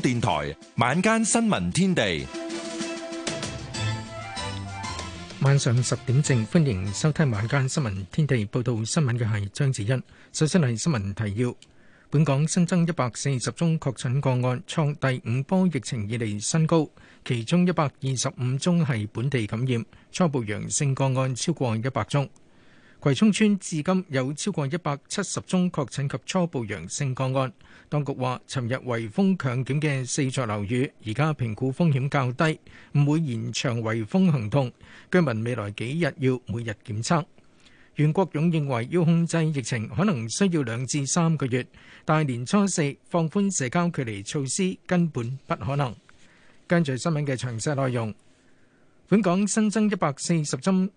電台晚間新聞天地，晚上十點正，歡迎收聽晚間新聞天地。報道新聞嘅係張子欣。首先係新聞提要：本港新增一百四十宗確診個案，創第五波疫情以嚟新高，其中一百二十五宗係本地感染，初步陽性個案超過一百宗。葵涌村至今有超過一百七十宗確診及初步陽性個案。當局話，尋日圍封強檢嘅四座樓宇，而家評估風險較低，唔會延長圍封行動。居民未來幾日要每日檢測。袁國勇認為要控制疫情，可能需要兩至三個月，大年初四放寬社交距離措施根本不可能。跟住新聞嘅詳細內容，本港新增一百四十宗。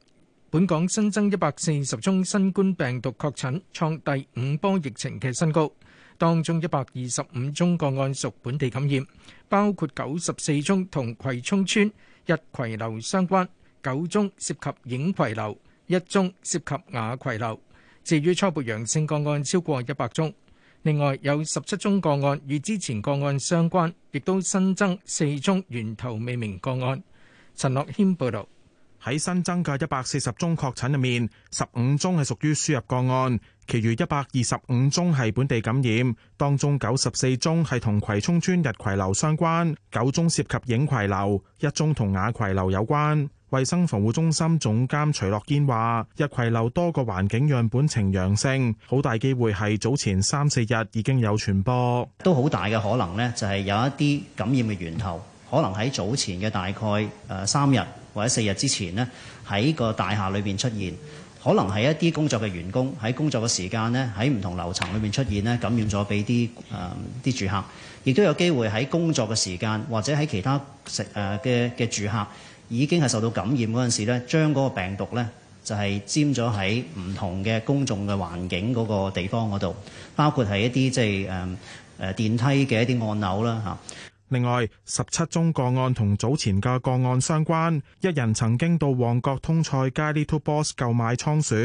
本港新增一百四十宗新冠病毒確診，創第五波疫情嘅新高。當中一百二十五宗個案屬本地感染，包括九十四宗同葵涌邨逸葵樓相關，九宗涉及影葵樓，一宗涉及雅葵樓。至於初步陽性個案超過一百宗，另外有十七宗個案與之前個案相關，亦都新增四宗源頭未明個案。陳樂謙報道。喺新增嘅一百四十宗確診入面，十五宗係屬於輸入個案，其餘一百二十五宗係本地感染，當中九十四宗係同葵涌邨日葵樓相關，九宗涉及影葵樓，一宗同雅葵樓有關，衛生防護中心總監徐樂堅話，日葵樓多個環境樣本呈陽性，好大機會係早前三四日已經有傳播，都好大嘅可能咧，就係有一啲感染嘅源頭。可能喺早前嘅大概誒、呃、三日或者四日之前呢，喺個大廈裏邊出現，可能係一啲工作嘅員工喺工作嘅時間呢，喺唔同樓層裏邊出現呢，感染咗俾啲誒啲住客，亦都有機會喺工作嘅時間或者喺其他食誒嘅嘅住客已經係受到感染嗰陣時呢，將嗰個病毒呢，就係沾咗喺唔同嘅公眾嘅環境嗰個地方嗰度，包括係一啲即係誒誒電梯嘅一啲按鈕啦吓。啊。另外，十七宗個案同早前嘅個案相關，一人曾經到旺角通菜街 Little Boss 購買倉鼠，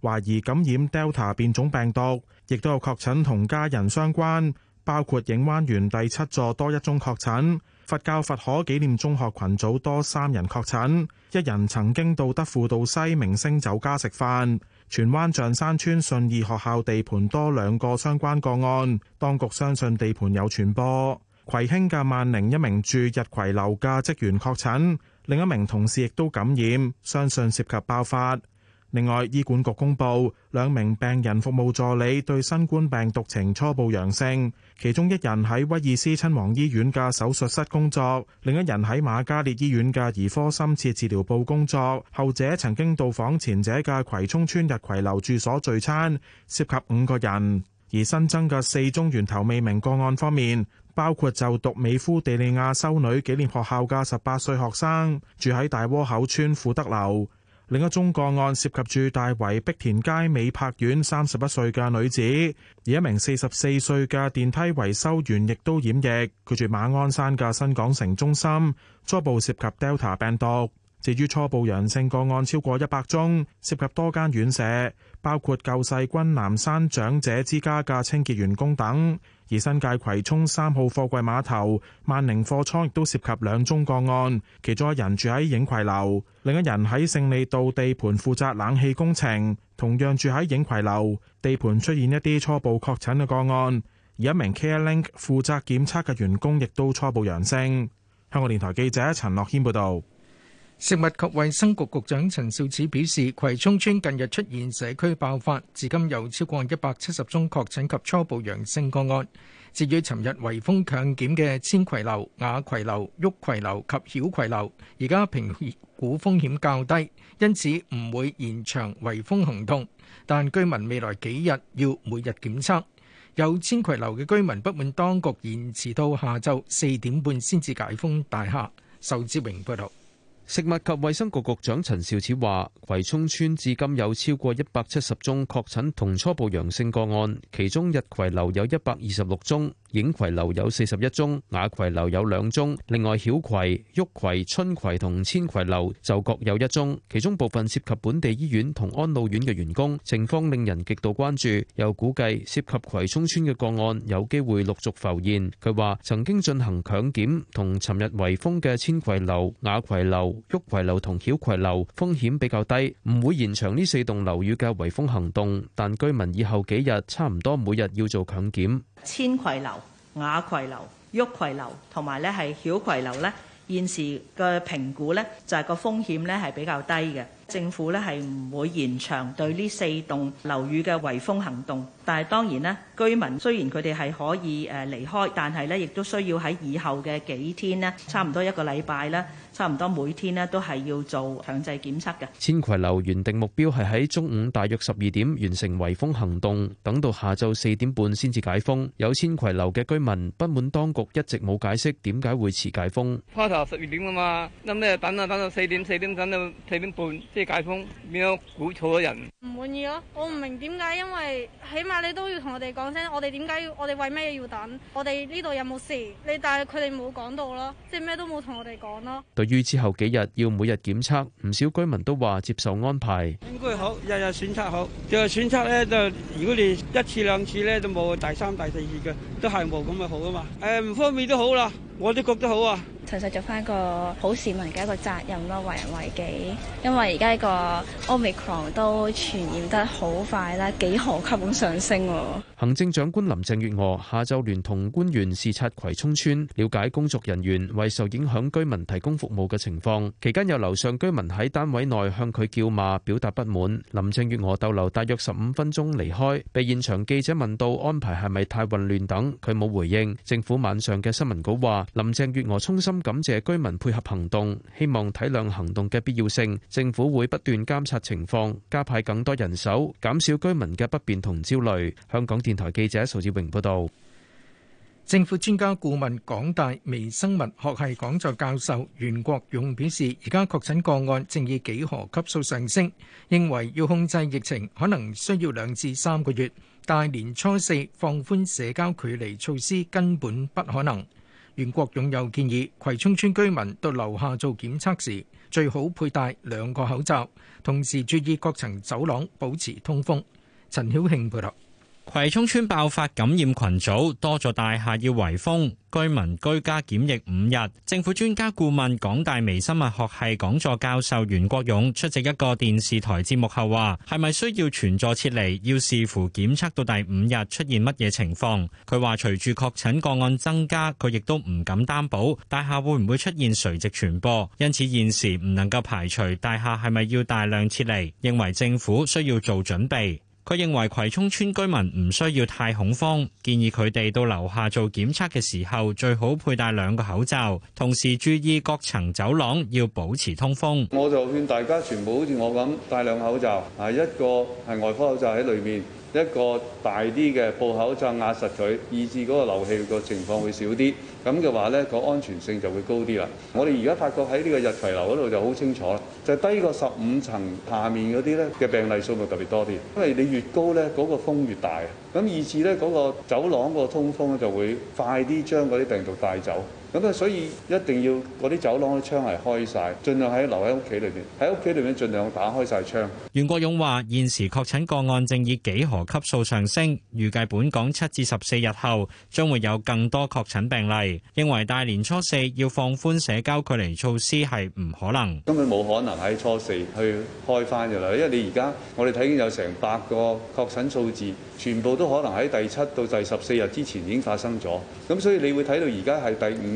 懷疑感染 Delta 變種病毒，亦都有確診同家人相關。包括影灣園第七座多一宗確診，佛教佛可紀念中學群組多三人確診，一人曾經到德輔道西明星酒家食飯。荃灣象山邨信義學校地盤多兩個相關個案，當局相信地盤有傳播。葵興嘅萬寧一名住日葵樓嘅職員確診，另一名同事亦都感染，相信涉及爆發。另外，醫管局公布兩名病人服務助理對新冠病毒呈初步陽性，其中一人喺威爾斯親王醫院嘅手術室工作，另一人喺馬嘉烈醫院嘅兒科深切治療部工作。後者曾經到訪前者嘅葵涌村日葵樓住所聚餐，涉及五個人。而新增嘅四宗源頭未明個案方面。包括就讀美孚地利亞修女紀念學校嘅十八歲學生，住喺大窩口村富德樓；另一宗個案涉及住大圍碧田街美柏苑三十一歲嘅女子，而一名四十四歲嘅電梯維修員亦都染疫，佢住馬鞍山嘅新港城中心，初步涉及 Delta 病毒。至於初步陽性個案超過一百宗，涉及多間院舍。包括救世軍南山長者之家嘅清潔員工等，而新界葵涌三號貨櫃碼頭萬寧貨倉亦都涉及兩宗個案，其中一人住喺影葵樓，另一人喺勝利道地盤負責冷氣工程，同樣住喺影葵樓。地盤出現一啲初步確診嘅個案，而一名 CareLink 負責檢測嘅員工亦都初步陽性。香港電台記者陳樂軒報導。食物及衞生局局長陳肇始表示，葵涌村近日出現社區爆發，至今有超過一百七十宗確診及初步陽性個案。至於尋日圍封強檢嘅千葵樓、雅葵樓、旭葵樓及曉葵樓，而家評估風險較低，因此唔會延長圍封行動。但居民未來幾日要每日檢測。有千葵樓嘅居民不滿，當局延遲到下晝四點半先至解封大廈。仇志榮報導。食物及衛生局局長陳肇始話：葵涌村至今有超過一百七十宗確診同初步陽性個案，其中逸葵樓有一百二十六宗，映葵樓有四十一宗，雅葵樓有兩宗。另外，曉葵、旭葵、春葵同芊葵樓就各有一宗。其中部分涉及本地醫院同安老院嘅員工，情況令人極度關注。又估計涉及葵涌村嘅個案有機會陸續浮現。佢話：曾經進行強檢同尋日圍封嘅芊葵樓、雅葵樓、旭葵樓同曉葵樓風險比較低，唔會延長呢四棟樓宇嘅圍封行動，但居民以後幾日差唔多每日要做強檢。千葵樓、雅葵樓、旭葵樓同埋咧係曉葵樓咧，現時嘅評估咧就係個風險咧係比較低嘅。政府咧係唔會延長對呢四棟樓宇嘅圍封行動，但係當然咧，居民雖然佢哋係可以誒離開，但係咧亦都需要喺以後嘅幾天咧，差唔多一個禮拜咧，差唔多每天咧都係要做強制檢測嘅。千葵樓原定目標係喺中午大約十二點完成圍封行動，等到下晝四點半先至解封。有千葵樓嘅居民不滿當局一直冇解釋點解會遲解封。part 十二點啊嘛，咁咧等啊等，到四點四點等，到四點半。即係解封，點樣估錯咗人？唔滿意咯，我唔明點解，因為起碼你都要同我哋講聲，我哋點解要，我哋為咩要等？我哋呢度有冇事？你但係佢哋冇講到咯，即係咩都冇同我哋講咯。對於之後幾日要每日檢測，唔少居民都話接受安排。應該好，日日檢測好，就檢測咧就，如果你一次兩次咧都冇，第三第四次嘅都係冇咁咪好啊嘛。誒、呃，唔方便都好啦，我都覺得好啊。純粹做翻個好市民嘅一個責任咯，為人為己。因為而家個 Omicron 都傳染得好快啦，幾何級咁上升。行政長官林鄭月娥下晝聯同官員視察葵涌村，了解工作人員為受影響居民提供服務嘅情況。期間有樓上居民喺單位內向佢叫罵，表達不滿。林鄭月娥逗留大約十五分鐘，離開，被現場記者問到安排係咪太混亂等，佢冇回應。政府晚上嘅新聞稿話，林鄭月娥衷心。感謝居民配合行動，希望體諒行動嘅必要性。政府會不斷監察情況，加派更多人手，減少居民嘅不便同焦慮。香港電台記者曹志榮報道。政府專家顧問、港大微生物學系講座教授袁國勇表示，而家確診個案正以幾何級數上升，認為要控制疫情可能需要兩至三個月。大年初四放寬社交距離措施根本不可能。袁國勇又建議葵涌村居民到樓下做檢測時，最好佩戴兩個口罩，同時注意各層走廊保持通風。陳曉慶配合。葵涌村爆發感染群組，多座大廈要圍封，居民居家檢疫五日。政府專家顧問、港大微生物學系講座教授袁國勇出席一個電視台節目後話：係咪需要全座撤離？要視乎檢測到第五日出現乜嘢情況。佢話隨住確診個案增加，佢亦都唔敢擔保大廈會唔會出現垂直傳播，因此現時唔能夠排除大廈係咪要大量撤離。認為政府需要做準備。佢認為葵涌村居民唔需要太恐慌，建議佢哋到樓下做檢測嘅時候，最好佩戴兩個口罩，同時注意各層走廊要保持通風。我就勸大家全部好似我咁戴兩個口罩，係一個係外科口罩喺裏面。一個大啲嘅布口罩壓實佢，以至嗰個漏氣個情況會少啲，咁嘅話呢個安全性就會高啲啦。我哋而家發覺喺呢個日葵樓嗰度就好清楚啦，就係低過十五層下面嗰啲呢嘅病例數目特別多啲，因為你越高呢，嗰個風越大，咁以至呢，嗰個走廊個通風就會快啲將嗰啲病毒帶走。咁啊，所以一定要嗰啲走廊嘅窗係開晒，盡量喺留喺屋企裏邊，喺屋企裏邊盡量打開晒窗。袁國勇話現時確診個案正以幾何級數上升，預計本港七至十四日後將會有更多確診病例。認為大年初四要放寬社交距離措施係唔可能，根本冇可能喺初四去開翻㗎啦。因為你而家我哋睇見有成百個確診數字，全部都可能喺第七到第十四日之前已經發生咗。咁所以你會睇到而家係第五。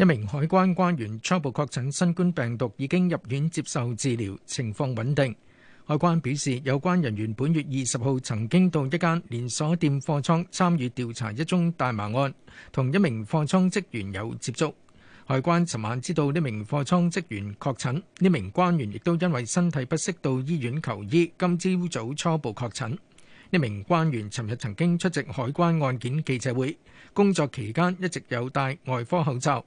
一名海關關員初步確診新冠病毒，已經入院接受治療，情況穩定。海關表示，有關人員本月二十號曾經到一間連鎖店貨倉參與調查一宗大麻案，同一名貨倉職員有接觸。海關尋晚知道呢名貨倉職員確診，呢名官員亦都因為身體不適到醫院求醫，今朝早初步確診。呢名官員尋日曾經出席海關案件記者會，工作期間一直有戴外科口罩。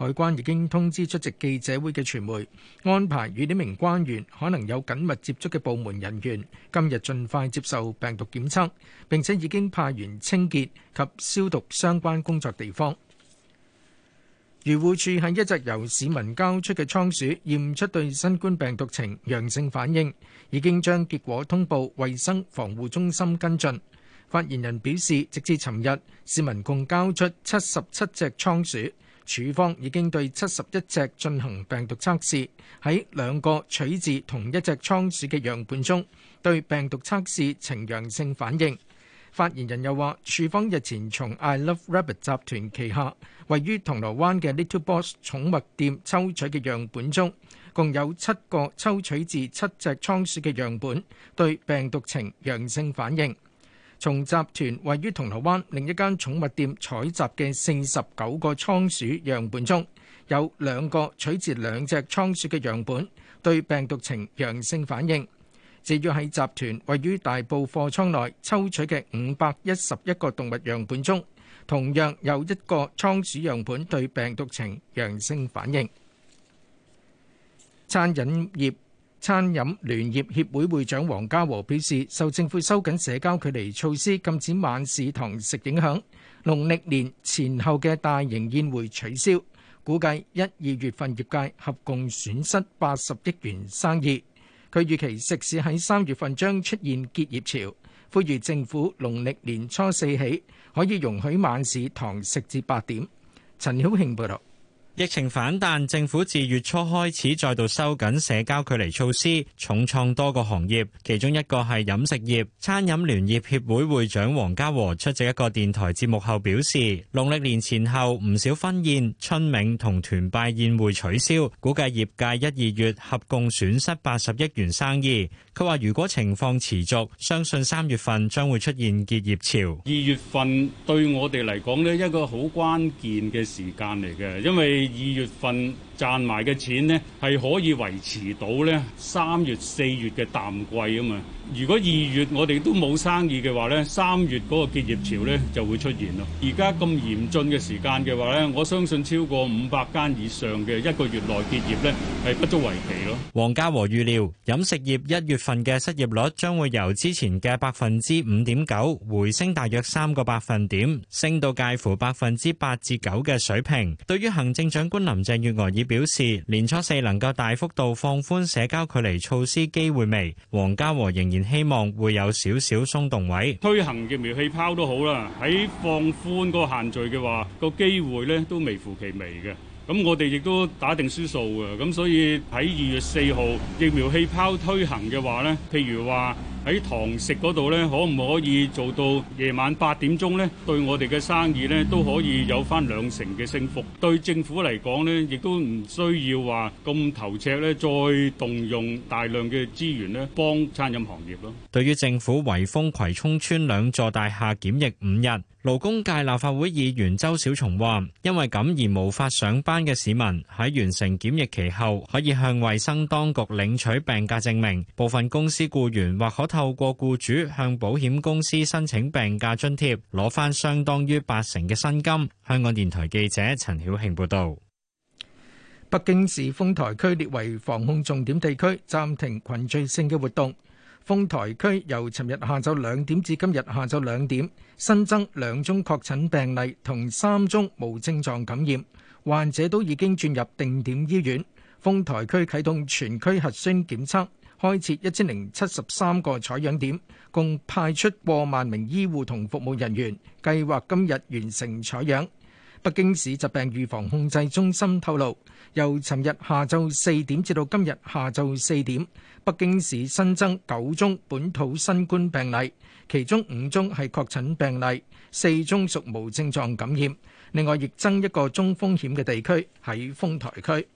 海關已經通知出席記者會嘅傳媒，安排與呢名官員可能有緊密接觸嘅部門人員，今日盡快接受病毒檢測。並且已經派員清潔及消毒相關工作地方。漁護署喺一隻由市民交出嘅倉鼠驗出對新冠病毒呈陽性反應，已經將結果通報衛生防護中心跟進。發言人表示，直至尋日，市民共交出七十七隻倉鼠。處方已經對七十一隻進行病毒測試，喺兩個取自同一隻倉鼠嘅樣本中，對病毒測試呈陽性反應。發言人又話，處方日前從 I Love Rabbit 集團旗下位於銅鑼灣嘅 Little Boss 寵物店抽取嘅樣本中，共有七個抽取自七隻倉鼠嘅樣本對病毒呈陽性反應。從集團位於銅鑼灣另一間寵物店採集嘅四十九個倉鼠樣本中，有兩個取自兩隻倉鼠嘅樣本對病毒呈陽性反應。至於喺集團位於大埔貨倉內抽取嘅五百一十一個動物樣本中，同樣有一個倉鼠樣本對病毒呈陽性反應。餐飲業。餐飲聯業協會會長黃家和表示，受政府收緊社交距離措施、禁止晚市堂食影響，農曆年前後嘅大型宴會取消，估計一二月份業界合共損失八十億元生意。佢預期食肆喺三月份將出現結業潮，呼籲政府農曆年初四起可以容許晚市堂食至八點。陳曉慶報道。疫情反彈，政府自月初開始再度收緊社交距離措施，重創多個行業，其中一個係飲食業。餐飲聯業協會會長黃家和出席一個電台節目後表示，農曆年前後唔少婚宴、春茗同團拜宴會取消，估計業界一二月合共損失八十億元生意。佢話：如果情況持續，相信三月份將會出現結業潮。二月份對我哋嚟講，呢一個好關鍵嘅時間嚟嘅，因為二月份，賺埋嘅錢呢，係可以維持到呢三月四月嘅淡季啊嘛。如果二月我哋都冇生意嘅話呢，三月嗰個結業潮呢就會出現咯。而家咁嚴峻嘅時間嘅話呢，我相信超過五百間以上嘅一個月內結業呢係不足為奇咯。黃家和預料，飲食業一月份嘅失業率將會由之前嘅百分之五點九回升大約三個百分點，升到介乎百分之八至九嘅水平。對於行政長官林鄭月娥亦，表示年初四能夠大幅度放寬社交距離措施，機會微。黃家和仍然希望會有少少鬆動位，推行疫苗氣泡都好啦，喺放寬嗰個限聚嘅話，個機會咧都微乎其微嘅。咁我哋亦都打定輸數嘅，咁所以喺二月四號疫苗氣泡推行嘅話咧，譬如話。喺堂食嗰度咧，可唔可以做到夜晚八點鐘咧？對我哋嘅生意咧，都可以有翻兩成嘅升幅。對政府嚟講咧，亦都唔需要話咁頭赤咧，再動用大量嘅資源咧，幫餐飲行業咯。對於政府圍封葵涌邨兩座大廈檢疫五日。勞工界立法會議員周小松話，因為咁而無法上班嘅市民，喺完成檢疫期後，可以向衛生當局領取病假證明。部分公司僱員或可透過僱主向保險公司申請病假津貼，攞翻相當於八成嘅薪金。香港電台記者陳曉慶報道。北京市豐台區列為防控重點地區，暫停群聚性嘅活動。豐台區由尋日下晝兩點至今日下晝兩點新增兩宗確診病例同三宗無症狀感染，患者都已經轉入定點醫院。豐台區啟動全區核酸檢測，開設一千零七十三個採樣點，共派出過萬名醫護同服務人員，計劃今日完成採樣。北京市疾病預防控制中心透露，由尋日下晝四點至到今日下晝四點，北京市新增九宗本土新冠病例，其中五宗係確診病例，四宗屬無症狀感染。另外，亦增一個中風險嘅地區喺豐台區。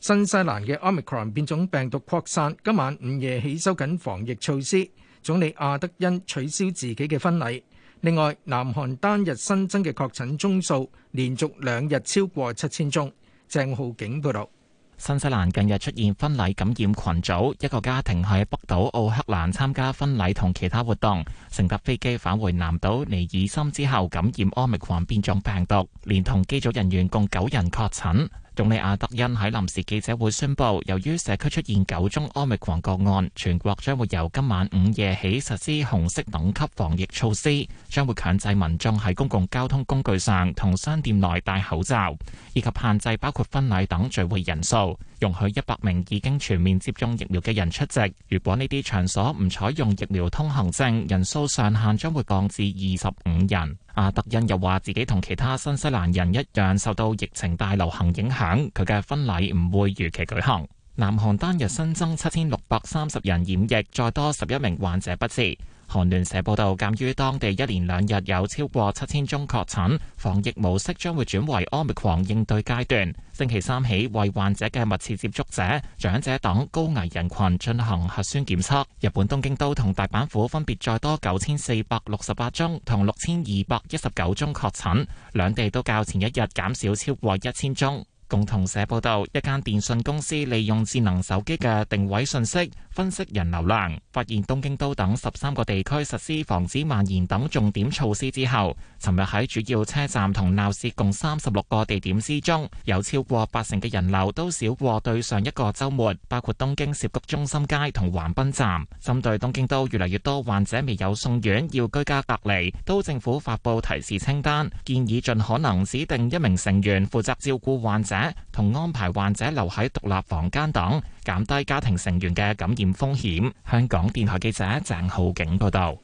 新西蘭嘅 Omicron 變種病毒擴散，今晚午夜起收緊防疫措施。總理阿德恩取消自己嘅婚禮。另外，南韓單日新增嘅確診宗數連續兩日超過七千宗。鄭浩景報導。新西蘭近日出現婚禮感染群組，一個家庭喺北島奧克蘭參加婚禮同其他活動，乘搭飛機返回南島尼爾森之後感染奧密克戎變種病毒，連同機組人員共九人確診。總理阿德恩喺臨時記者會宣佈，由於社區出現九宗 Omicron 個案，全國將會由今晚午夜起實施紅色等級防疫措施，將會強制民眾喺公共交通工具上同商店內戴口罩，以及限制包括婚禮等聚會人數，容許一百名已經全面接種疫苗嘅人出席。如果呢啲場所唔採用疫苗通行證，人數上限將會降至二十五人。阿德恩又話：自己同其他新西蘭人一樣受到疫情大流行影響，佢嘅婚禮唔會如期舉行。南韓單日新增七千六百三十人染疫，再多十一名患者不治。韓聯社報道，鑒於當地一連兩日有超過七千宗確診，防疫模式將會轉為 “Omicron” 應對階段。星期三起，為患者嘅密切接觸者、長者等高危人群進行核酸檢測。日本東京都同大阪府分別再多九千四百六十八宗同六千二百一十九宗確診，兩地都較前一日減少超過一千宗。共同社報道，一間電訊公司利用智能手機嘅定位信息。分析人流量，發現東京都等十三個地區實施防止蔓延等重點措施之後，尋日喺主要車站同鬧市共三十六個地點之中，有超過八成嘅人流都少過對上一個週末，包括東京涉谷中心街同橫濱站。針對東京都越嚟越多患者未有送院要居家隔離，都政府發佈提示清單，建議盡可能指定一名成員負責照顧患者同安排患者留喺獨立房間等。減低家庭成員嘅感染風險。香港電台記者鄭浩景報道。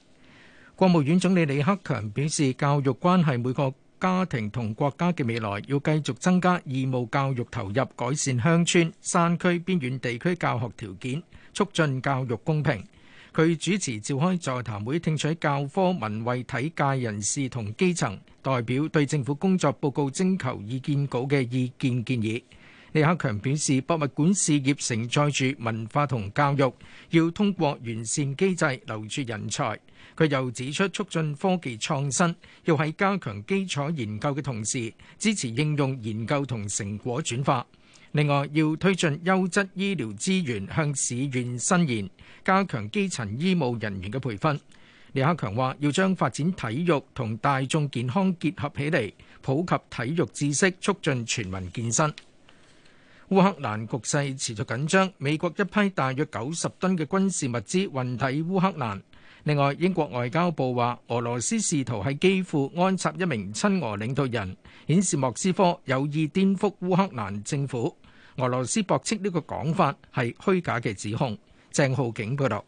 國務院總理李克強表示，教育關係每個家庭同國家嘅未來，要繼續增加義務教育投入，改善鄉村、山區、邊遠地區教學條件，促進教育公平。佢主持召開座談會，聽取教科文衛體界人士同基層代表對政府工作報告徵求意見稿嘅意見建議。李克強表示，博物館事業承載住文化同教育，要通過完善機制留住人才。佢又指出，促進科技創新，要喺加強基礎研究嘅同時，支持應用研究同成果轉化。另外，要推進優質醫療資源向市院伸延，加強基層醫務人員嘅培訓。李克強話，要將發展體育同大眾健康結合起嚟，普及體育知識，促進全民健身。烏克蘭局勢持續緊張，美國一批大約九十噸嘅軍事物資運抵烏克蘭。另外，英國外交部話俄羅斯試圖喺基輔安插一名親俄領導人，顯示莫斯科有意顛覆烏克蘭政府。俄羅斯駁斥呢個講法係虛假嘅指控。鄭浩景報道。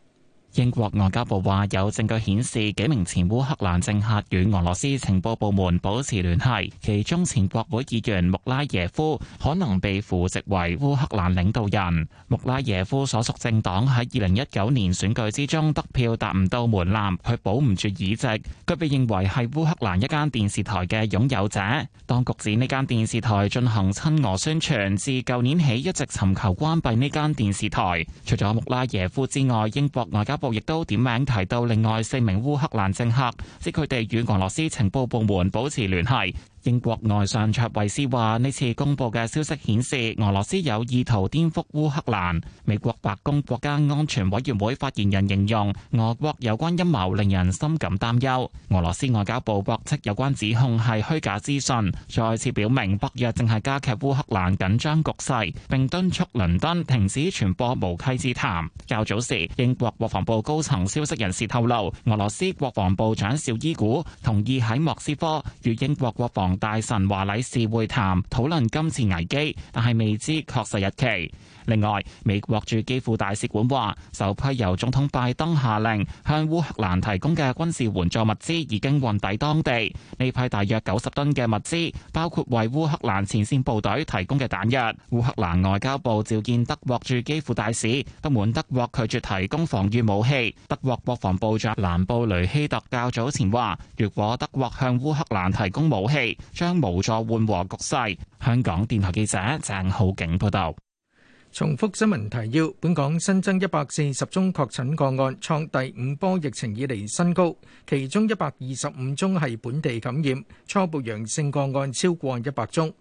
英國外交部話有證據顯示幾名前烏克蘭政客與俄羅斯情報部門保持聯繫，其中前國會議員穆拉耶夫可能被扶植為烏克蘭領導人。穆拉耶夫所屬政黨喺二零一九年選舉之中得票達唔到門檻，佢保唔住議席。佢被認為係烏克蘭一間電視台嘅擁有者，當局指呢間電視台進行親俄宣傳，自舊年起一直尋求關閉呢間電視台。除咗穆拉耶夫之外，英國外交部亦都點名提到另外四名烏克蘭政客，指佢哋與俄羅斯情報部門保持聯繫。英國外相卓維斯話，呢次公布嘅消息顯示，俄羅斯有意圖顛覆烏克蘭。美國白宮國家安全委員會發言人形容俄國有關陰謀令人深感擔憂。俄羅斯外交部駁斥有關指控係虛假資訊，再次表明北約正係加劇烏克蘭緊張局勢，並敦促倫敦停止傳播無稽之談。較早時，英國國防部高層消息人士透露，俄羅斯國防部長紹伊古同意喺莫斯科與英國國防。大臣華禮士會談，討論今次危機，但係未知確實日期。另外，美國駐基輔大使館話，首批由總統拜登下令向烏克蘭提供嘅軍事援助物資已經運抵當地。呢批大約九十噸嘅物資，包括為烏克蘭前線部隊提供嘅彈藥。烏克蘭外交部召見德國駐基輔大使，不滿德國拒絕提供防禦武器。德國國防部長蘭布雷希特較早前話，如果德國向烏克蘭提供武器，將無助緩和局勢。香港電台記者鄭浩景報道。重複新聞提要：本港新增一百四十宗確診個案，創第五波疫情以嚟新高，其中一百二十五宗係本地感染，初步陽性個案超過一百宗。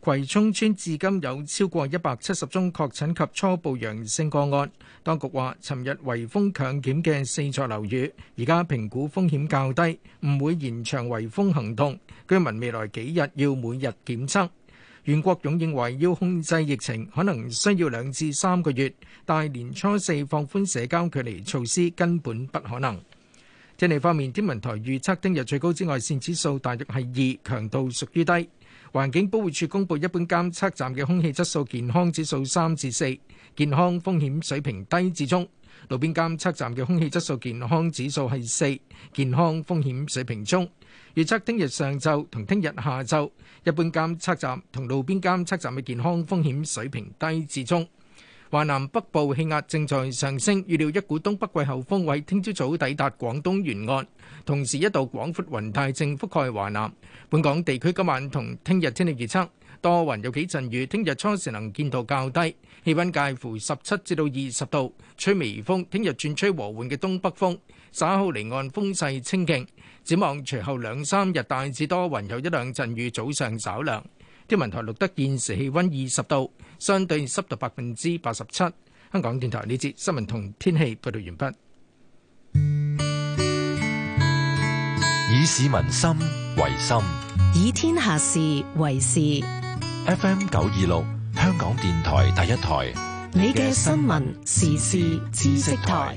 葵涌村至今有超過一百七十宗確診及初步陽性個案。當局話，尋日圍封強檢嘅四座樓宇，而家評估風險較低，唔會延長圍封行動。居民未來幾日要每日檢測。袁國勇認為要控制疫情，可能需要兩至三個月，大年年初四放寬社交距離措施根本不可能。天氣方面，天文台預測聽日最高紫外線指數大約係二，強度屬於低。環境保護署公布一般監測站嘅空氣質素健康指數三至四，健康風險水平低至中。路邊監測站嘅空氣質素健康指數係四，健康風險水平中。預測聽日上晝同聽日下晝，一般監測站同路邊監測站嘅健康風險水平低至中。華南北部氣壓正在上升，預料一股東北季候風位聽朝早抵達廣東沿岸。同時，一道廣闊雲帶正覆蓋華南。本港地區今晚同聽日天氣預測，多雲，有幾陣雨，聽日初時能見度較低，氣温介乎十七至到二十度，吹微風，聽日轉吹和緩嘅東北風。稍後離岸風勢清勁，展望隨後兩三日大致多雲，雲有一兩陣雨，早上稍涼。天文台錄得現時氣溫二十度，相對濕度百分之八十七。香港電台呢節新聞同天氣報道完畢。以市民心為心，以天下事為事。FM 九二六，香港電台第一台，你嘅新聞時事知識台。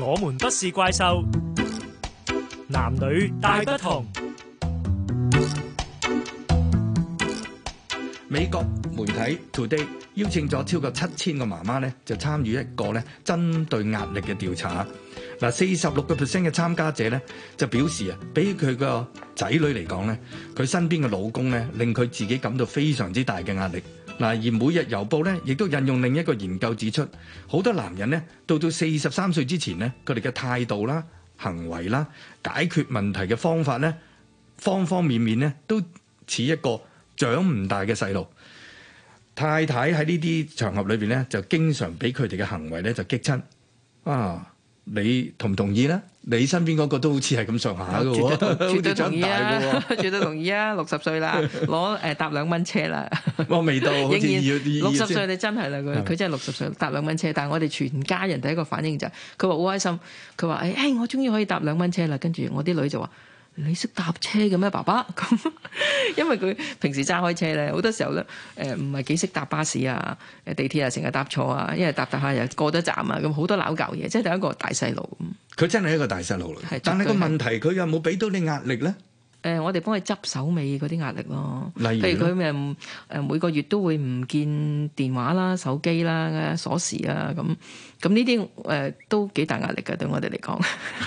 我們不是怪獸，男女大不同。不同。美國媒體 Today 邀請咗超過七千個媽媽咧，就參與一個咧針對壓力嘅調查。嗱，四十六個 percent 嘅參加者咧就表示啊，俾佢個仔女嚟講咧，佢身邊嘅老公咧令佢自己感到非常之大嘅壓力。嗱，而每日郵報咧，亦都引用另一個研究指出，好多男人咧，到到四十三歲之前咧，佢哋嘅態度啦、行為啦、解決問題嘅方法咧，方方面面咧，都似一個長唔大嘅細路，太太喺呢啲場合裏邊咧，就經常俾佢哋嘅行為咧，就激親啊！你同唔同意咧？你身邊嗰個都好似係咁上下嘅喎，絕對同意啊！ 絕對同意啊！六十歲啦，攞誒、 呃、搭兩蚊車啦。我未到，好似六十歲你真係啦，佢佢 真係六十歲搭兩蚊車。但係我哋全家人第一個反應就係佢話好開心，佢話誒誒我終於可以搭兩蚊車啦。跟住我啲女就話。你識搭車嘅咩，爸爸？咁， 因為佢平時揸開車咧，好多時候咧，誒唔係幾識搭巴士啊、誒地鐵啊，成日搭錯啊，因為搭搭下又過咗站啊，咁好多撈教嘢，即係第一個大細路。佢真係一個大細路嚟，的但係個問題，佢是有冇俾到你壓力咧？誒、呃，我哋幫佢執手尾嗰啲壓力咯。例如譬如佢咩誒，每個月都會唔見電話啦、手機啦、鎖匙啊咁。咁呢啲誒都幾大壓力㗎，對我哋嚟講。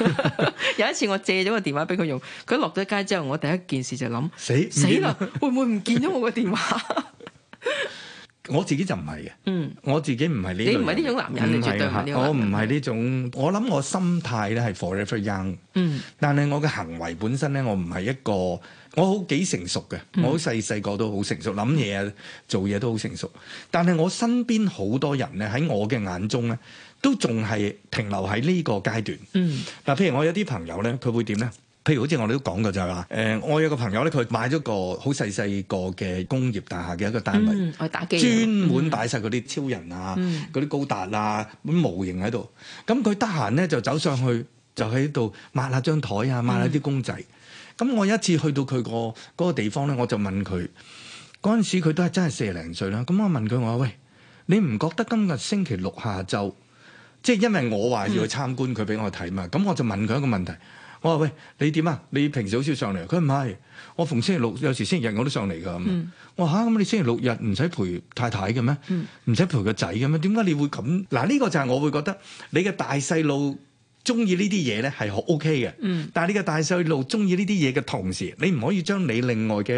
有一次我借咗個電話俾佢用，佢落咗街之後，我第一件事就諗死死啦，會唔會唔見咗我個電話？ 我自己就唔係嘅，嗯、我自己唔係呢類。你唔係呢種男人，你是絕對唔係呢種男人。我唔係呢種，是我諗我心態咧係 forever young，嗯、但係我嘅行為本身咧，我唔係一個，我好幾成熟嘅，嗯、我細細個都好成熟，諗嘢、做嘢都好成熟。但係我身邊好多人咧，喺我嘅眼中咧，都仲係停留喺呢個階段。嗱、嗯，譬如我有啲朋友咧，佢會點咧？譬如好似我哋都講過就係話，誒、呃，我有個朋友咧，佢買咗個好細細個嘅工業大廈嘅一個單位，嗯、打機專門擺曬嗰啲超人啊、嗰啲、嗯、高達啊、模型喺度。咁佢得閒咧就走上去，就喺度抹下張台啊，抹下啲公仔。咁、嗯、我有一次去到佢個嗰地方咧，我就問佢，嗰陣時佢都係真係四十零歲啦。咁我問佢我話：喂，你唔覺得今日星期六下晝，即係因為我話要去參觀佢俾我睇嘛？咁、嗯、我就問佢一個問題。我話喂，你點啊？你平時好少上嚟，佢唔係。我逢星期六有時星期日我都上嚟噶。嗯、我吓，嚇、啊，咁你星期六日唔使陪太太嘅咩？唔使、嗯、陪個仔嘅咩？點解你會咁？嗱，呢、呢個就係我會覺得你嘅大細路中意呢啲嘢咧，係好 OK 嘅。但係你嘅大細路中意呢啲嘢嘅同時，你唔可以將你另外嘅。